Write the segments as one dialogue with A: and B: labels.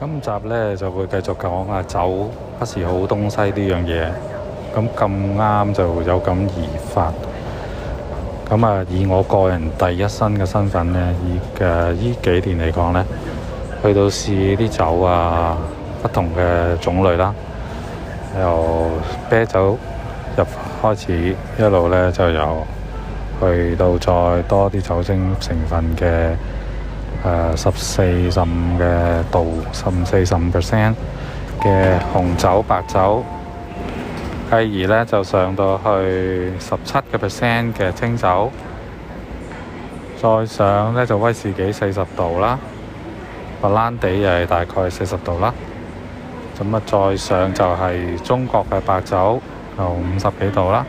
A: 今集呢就會繼續講啊，酒不是好東西呢樣嘢。咁咁啱就有感而發。咁啊，以我個人第一身嘅身份呢，以嘅呢、呃、幾年嚟講呢，去到試啲酒啊，不同嘅種類啦，由啤酒入開始，一路呢就有去到再多啲酒精成分嘅。誒十四十五嘅度，十四十五 percent 嘅紅酒、白酒，繼而咧就上到去十七嘅 percent 嘅清酒，再上咧就威士忌四十度啦，白蘭地又係大概四十度啦，咁啊再上就係中國嘅白酒就五十幾度啦，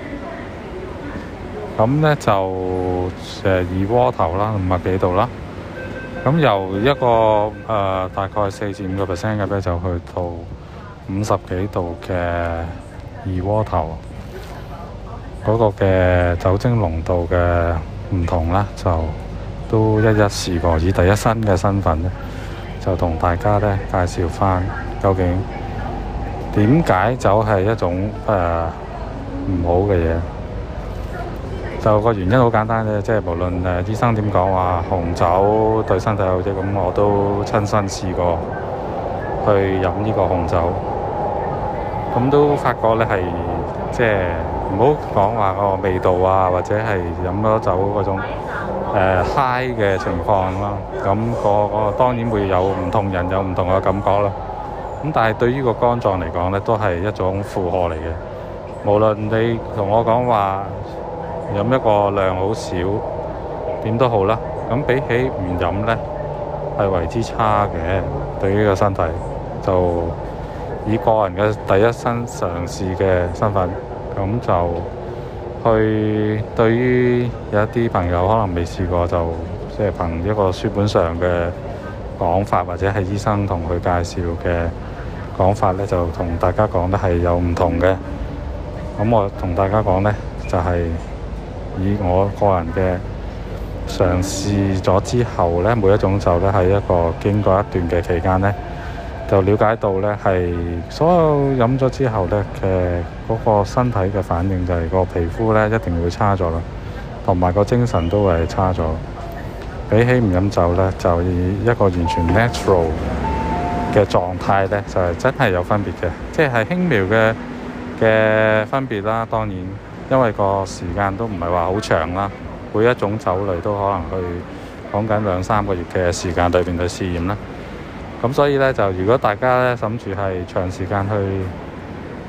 A: 咁咧就誒二鍋頭啦，五十幾度啦。咁、嗯、由一個誒、呃、大概四至五個 percent 嘅啤酒去到五十幾度嘅二鍋頭，嗰、那個嘅酒精濃度嘅唔同啦，就都一一試過。以第一身嘅身份咧，就同大家咧介紹返究竟點解酒係一種誒唔、呃、好嘅嘢。就個原因好簡單啫，即係無論誒醫生點講話紅酒對身體好啫，咁我都親身試過去飲呢個紅酒，咁都發覺咧係即係唔好講話個味道啊，或者係飲咗酒嗰種呃、嗨嘅情況咯。咁、那個個當然會有唔同人有唔同嘅感覺啦。咁但係對呢個肝臟嚟講呢，都係一種負荷嚟嘅。無論你同我講話。飲一個量好少，點都好啦。咁比起唔飲呢，係為之差嘅。對於個身體，就以個人嘅第一身嘗試嘅身份，咁就去對於有一啲朋友可能未試過，就即係憑一個書本上嘅講法，或者係醫生同佢介紹嘅講法呢，就同大家講得係有唔同嘅。咁我同大家講呢，就係。以我個人嘅嘗試咗之後呢，每一種酒呢，喺一個經過一段嘅期間呢，就了解到呢，係所有飲咗之後呢嘅嗰個身體嘅反應，就係個皮膚呢一定會差咗啦，同埋個精神都係差咗。比起唔飲酒呢，就以一個完全 natural 嘅狀態呢，就係真係有分別嘅，即係輕微嘅嘅分別啦，當然。因為個時間都唔係話好長啦，每一種酒類都可能去講緊兩三個月嘅時間裏邊去試驗啦。咁所以呢，就如果大家呢諗住係長時間去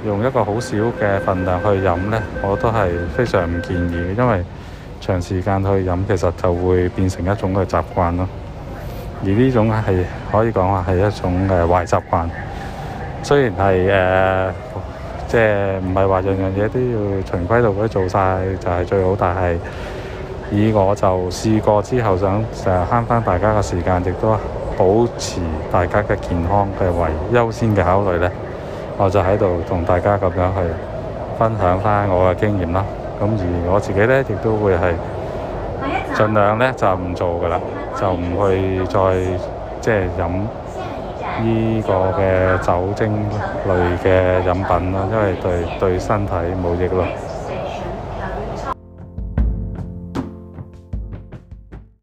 A: 用一個好少嘅份量去飲呢，我都係非常唔建議嘅，因為長時間去飲其實就會變成一種嘅習慣咯。而呢種係可以講話係一種嘅壞習慣，雖然係誒。即係唔係話樣樣嘢都要循規蹈矩做晒就係最好，但係以我就試過之後，想成日慳翻大家嘅時間，亦都保持大家嘅健康嘅為優先嘅考慮咧，我就喺度同大家咁樣去分享翻我嘅經驗啦。咁而我自己咧亦都會係盡量咧就唔做噶啦，就唔去再即係飲。呢個嘅酒精類嘅飲品啦，因為對對身體冇益咯。